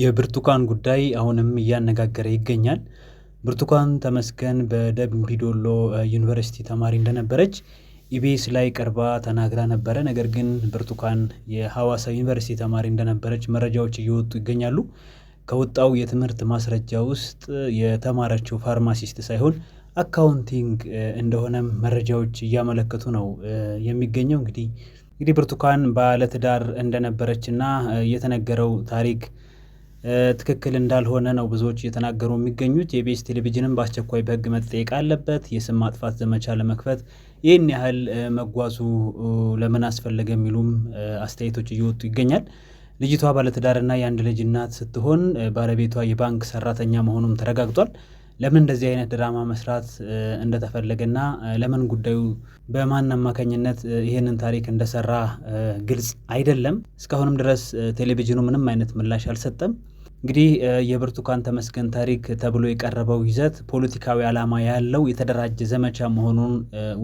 የብርቱካን ጉዳይ አሁንም እያነጋገረ ይገኛል። ብርቱካን ተመስገን በደምቢዶሎ ዩኒቨርሲቲ ተማሪ እንደነበረች ኢቢኤስ ላይ ቀርባ ተናግራ ነበረ። ነገር ግን ብርቱካን የሐዋሳ ዩኒቨርሲቲ ተማሪ እንደነበረች መረጃዎች እየወጡ ይገኛሉ። ከወጣው የትምህርት ማስረጃ ውስጥ የተማረችው ፋርማሲስት ሳይሆን አካውንቲንግ እንደሆነም መረጃዎች እያመለከቱ ነው የሚገኘው። እንግዲህ እንግዲህ ብርቱካን ባለትዳር እንደነበረችና የተነገረው ታሪክ ትክክል እንዳልሆነ ነው ብዙዎች እየተናገሩ የሚገኙት። የኢቢኤስ ቴሌቪዥንም በአስቸኳይ በህግ መጠየቅ አለበት። የስም ማጥፋት ዘመቻ ለመክፈት ይህን ያህል መጓዙ ለምን አስፈለገ የሚሉም አስተያየቶች እየወጡ ይገኛል። ልጅቷ ባለትዳርና የአንድ ልጅ እናት ስትሆን ባለቤቷ የባንክ ሰራተኛ መሆኑም ተረጋግጧል። ለምን እንደዚህ አይነት ድራማ መስራት እንደተፈለገና ለምን ጉዳዩ በማን አማካኝነት ይህንን ታሪክ እንደሰራ ግልጽ አይደለም። እስካሁንም ድረስ ቴሌቪዥኑ ምንም አይነት ምላሽ አልሰጠም። እንግዲህ የብርቱካን ተመስገን ታሪክ ተብሎ የቀረበው ይዘት ፖለቲካዊ ዓላማ ያለው የተደራጀ ዘመቻ መሆኑን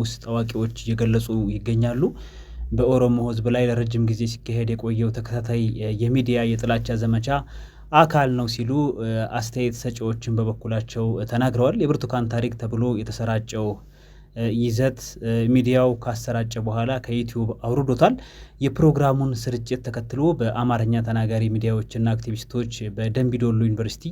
ውስጥ አዋቂዎች እየገለጹ ይገኛሉ። በኦሮሞ ሕዝብ ላይ ለረጅም ጊዜ ሲካሄድ የቆየው ተከታታይ የሚዲያ የጥላቻ ዘመቻ አካል ነው ሲሉ አስተያየት ሰጪዎችን በበኩላቸው ተናግረዋል። የብርቱካን ታሪክ ተብሎ የተሰራጨው ይዘት ሚዲያው ካሰራጨ በኋላ ከዩቲዩብ አውርዶታል። የፕሮግራሙን ስርጭት ተከትሎ በአማርኛ ተናጋሪ ሚዲያዎችና አክቲቪስቶች በደምቢዶሎ ዩኒቨርሲቲ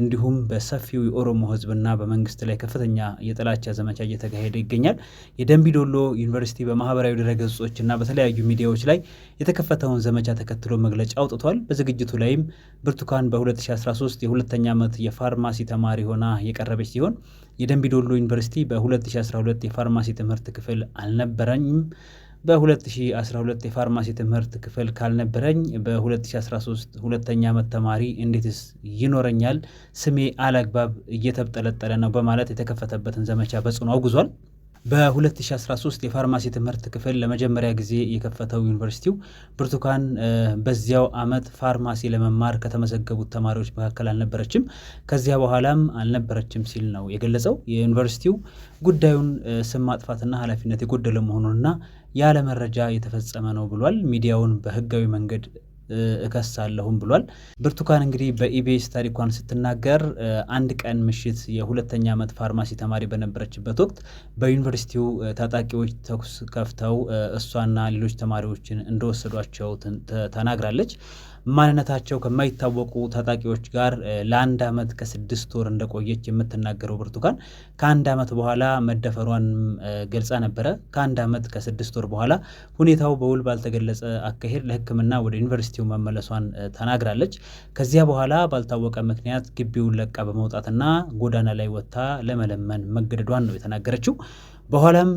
እንዲሁም በሰፊው የኦሮሞ ሕዝብና በመንግስት ላይ ከፍተኛ የጥላቻ ዘመቻ እየተካሄደ ይገኛል። የደንቢዶሎ ዩኒቨርሲቲ በማህበራዊ ድረገጾችና በተለያዩ ሚዲያዎች ላይ የተከፈተውን ዘመቻ ተከትሎ መግለጫ አውጥቷል። በዝግጅቱ ላይም ብርቱካን በ2013 የሁለተኛ ዓመት የፋርማሲ ተማሪ ሆና የቀረበች ሲሆን የደምቢዶሎ ዩኒቨርሲቲ በ2012 የፋርማሲ ትምህርት ክፍል አልነበረኝም። በ2012 የፋርማሲ ትምህርት ክፍል ካልነበረኝ በ2013 ሁለተኛ ዓመት ተማሪ እንዴትስ ይኖረኛል? ስሜ አላግባብ እየተብጠለጠለ ነው በማለት የተከፈተበትን ዘመቻ በጽኑ አውግዟል። በ2013 የፋርማሲ ትምህርት ክፍል ለመጀመሪያ ጊዜ የከፈተው ዩኒቨርሲቲው ብርቱካን በዚያው ዓመት ፋርማሲ ለመማር ከተመዘገቡት ተማሪዎች መካከል አልነበረችም፣ ከዚያ በኋላም አልነበረችም ሲል ነው የገለጸው። የዩኒቨርሲቲው ጉዳዩን ስም ማጥፋትና ኃላፊነት የጎደለ መሆኑንና ያለ መረጃ የተፈጸመ ነው ብሏል። ሚዲያውን በህጋዊ መንገድ እከሳለሁም ብሏል። ብርቱካን እንግዲህ በኢቢኤስ ታሪኳን ስትናገር አንድ ቀን ምሽት የሁለተኛ ዓመት ፋርማሲ ተማሪ በነበረችበት ወቅት በዩኒቨርሲቲው ታጣቂዎች ተኩስ ከፍተው እሷና ሌሎች ተማሪዎችን እንደወሰዷቸው ተናግራለች። ማንነታቸው ከማይታወቁ ታጣቂዎች ጋር ለአንድ ዓመት ከስድስት ወር እንደቆየች የምትናገረው ብርቱካን ከአንድ ዓመት በኋላ መደፈሯን ገልጻ ነበረ። ከአንድ ዓመት ከስድስት ወር በኋላ ሁኔታው በውል ባልተገለጸ አካሄድ ለሕክምና ወደ ዩኒቨርሲቲው መመለሷን ተናግራለች። ከዚያ በኋላ ባልታወቀ ምክንያት ግቢውን ለቃ በመውጣትና ጎዳና ላይ ወጥታ ለመለመን መገደዷን ነው የተናገረችው። በኋላም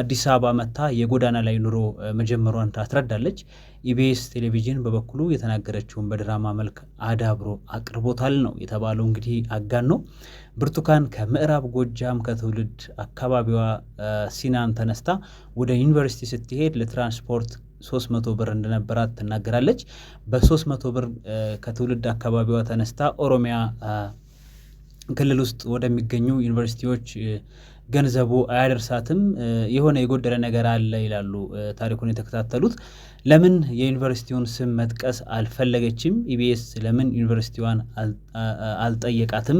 አዲስ አበባ መታ የጎዳና ላይ ኑሮ መጀመሯን ታስረዳለች። ኢቢኤስ ቴሌቪዥን በበኩሉ የተናገረችውን በድራማ መልክ አዳብሮ አቅርቦታል ነው የተባለው። እንግዲህ አጋን ነው ብርቱካን ከምዕራብ ጎጃም ከትውልድ አካባቢዋ ሲናን ተነስታ ወደ ዩኒቨርሲቲ ስትሄድ ለትራንስፖርት 300 ብር እንደነበራት ትናገራለች። በ300 ብር ከትውልድ አካባቢዋ ተነስታ ኦሮሚያ ክልል ውስጥ ወደሚገኙ ዩኒቨርሲቲዎች ገንዘቡ አያደርሳትም፣ የሆነ የጎደለ ነገር አለ ይላሉ ታሪኩን የተከታተሉት። ለምን የዩኒቨርሲቲውን ስም መጥቀስ አልፈለገችም? ኢቢኤስ ለምን ዩኒቨርሲቲዋን አልጠየቃትም?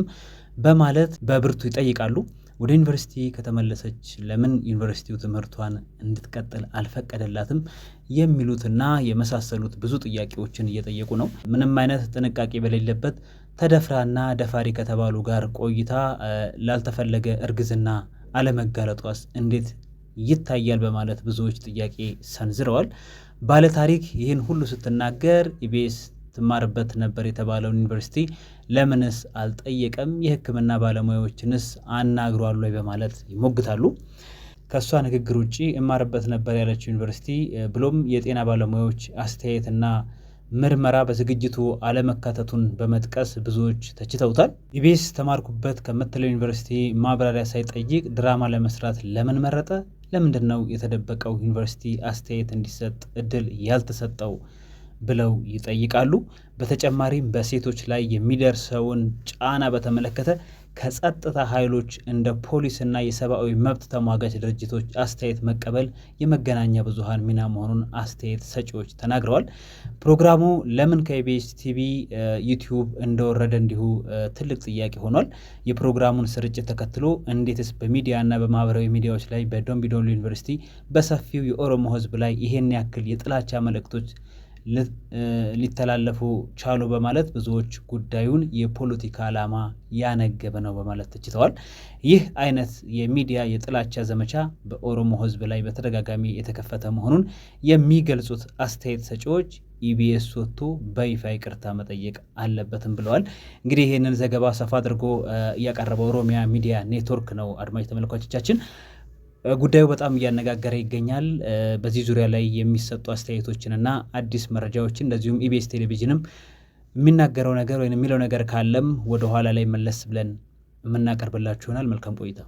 በማለት በብርቱ ይጠይቃሉ። ወደ ዩኒቨርሲቲ ከተመለሰች ለምን ዩኒቨርሲቲው ትምህርቷን እንድትቀጥል አልፈቀደላትም? የሚሉትና የመሳሰሉት ብዙ ጥያቄዎችን እየጠየቁ ነው። ምንም አይነት ጥንቃቄ በሌለበት ተደፍራና ደፋሪ ከተባሉ ጋር ቆይታ ላልተፈለገ እርግዝና አለመጋለጧስ እንዴት ይታያል በማለት ብዙዎች ጥያቄ ሰንዝረዋል። ባለታሪክ ይህን ሁሉ ስትናገር ኢቢኤስ ትማርበት ነበር የተባለውን ዩኒቨርሲቲ ለምንስ አልጠየቀም? የሕክምና ባለሙያዎችንስ አናግሯል ወይ በማለት ይሞግታሉ። ከእሷ ንግግር ውጭ እማርበት ነበር ያለችው ዩኒቨርሲቲ ብሎም የጤና ባለሙያዎች አስተያየትና ምርመራ በዝግጅቱ አለመካተቱን በመጥቀስ ብዙዎች ተችተውታል። ኢቢኤስ ተማርኩበት ከምትለው ዩኒቨርሲቲ ማብራሪያ ሳይጠይቅ ድራማ ለመስራት ለምን መረጠ? ለምንድን ነው የተደበቀው ዩኒቨርሲቲ አስተያየት እንዲሰጥ እድል ያልተሰጠው? ብለው ይጠይቃሉ። በተጨማሪም በሴቶች ላይ የሚደርሰውን ጫና በተመለከተ ከጸጥታ ኃይሎች እንደ ፖሊስና የሰብአዊ መብት ተሟጋች ድርጅቶች አስተያየት መቀበል የመገናኛ ብዙሃን ሚና መሆኑን አስተያየት ሰጪዎች ተናግረዋል። ፕሮግራሙ ለምን ከኢቢኤስ ቲቪ ዩቲዩብ እንደወረደ እንዲሁ ትልቅ ጥያቄ ሆኗል። የፕሮግራሙን ስርጭት ተከትሎ እንዴትስ በሚዲያና በማህበራዊ ሚዲያዎች ላይ በዶምቢዶሎ ዩኒቨርሲቲ በሰፊው የኦሮሞ ሕዝብ ላይ ይሄን ያክል የጥላቻ መልእክቶች ሊተላለፉ ቻሉ በማለት ብዙዎች ጉዳዩን የፖለቲካ ዓላማ ያነገበ ነው በማለት ተችተዋል። ይህ አይነት የሚዲያ የጥላቻ ዘመቻ በኦሮሞ ሕዝብ ላይ በተደጋጋሚ የተከፈተ መሆኑን የሚገልጹት አስተያየት ሰጪዎች ኢቢኤስ ወጥቶ በይፋ ይቅርታ መጠየቅ አለበትም ብለዋል። እንግዲህ ይህንን ዘገባ ሰፋ አድርጎ ያቀረበው ኦሮሚያ ሚዲያ ኔትወርክ ነው። አድማጭ ተመልካቾቻችን ጉዳዩ በጣም እያነጋገረ ይገኛል። በዚህ ዙሪያ ላይ የሚሰጡ አስተያየቶችንና አዲስ መረጃዎችን እንደዚሁም ኢቢኤስ ቴሌቪዥንም የሚናገረው ነገር ወይም የሚለው ነገር ካለም ወደ ኋላ ላይ መለስ ብለን የምናቀርብላችሁ ይሆናል። መልካም ቆይታ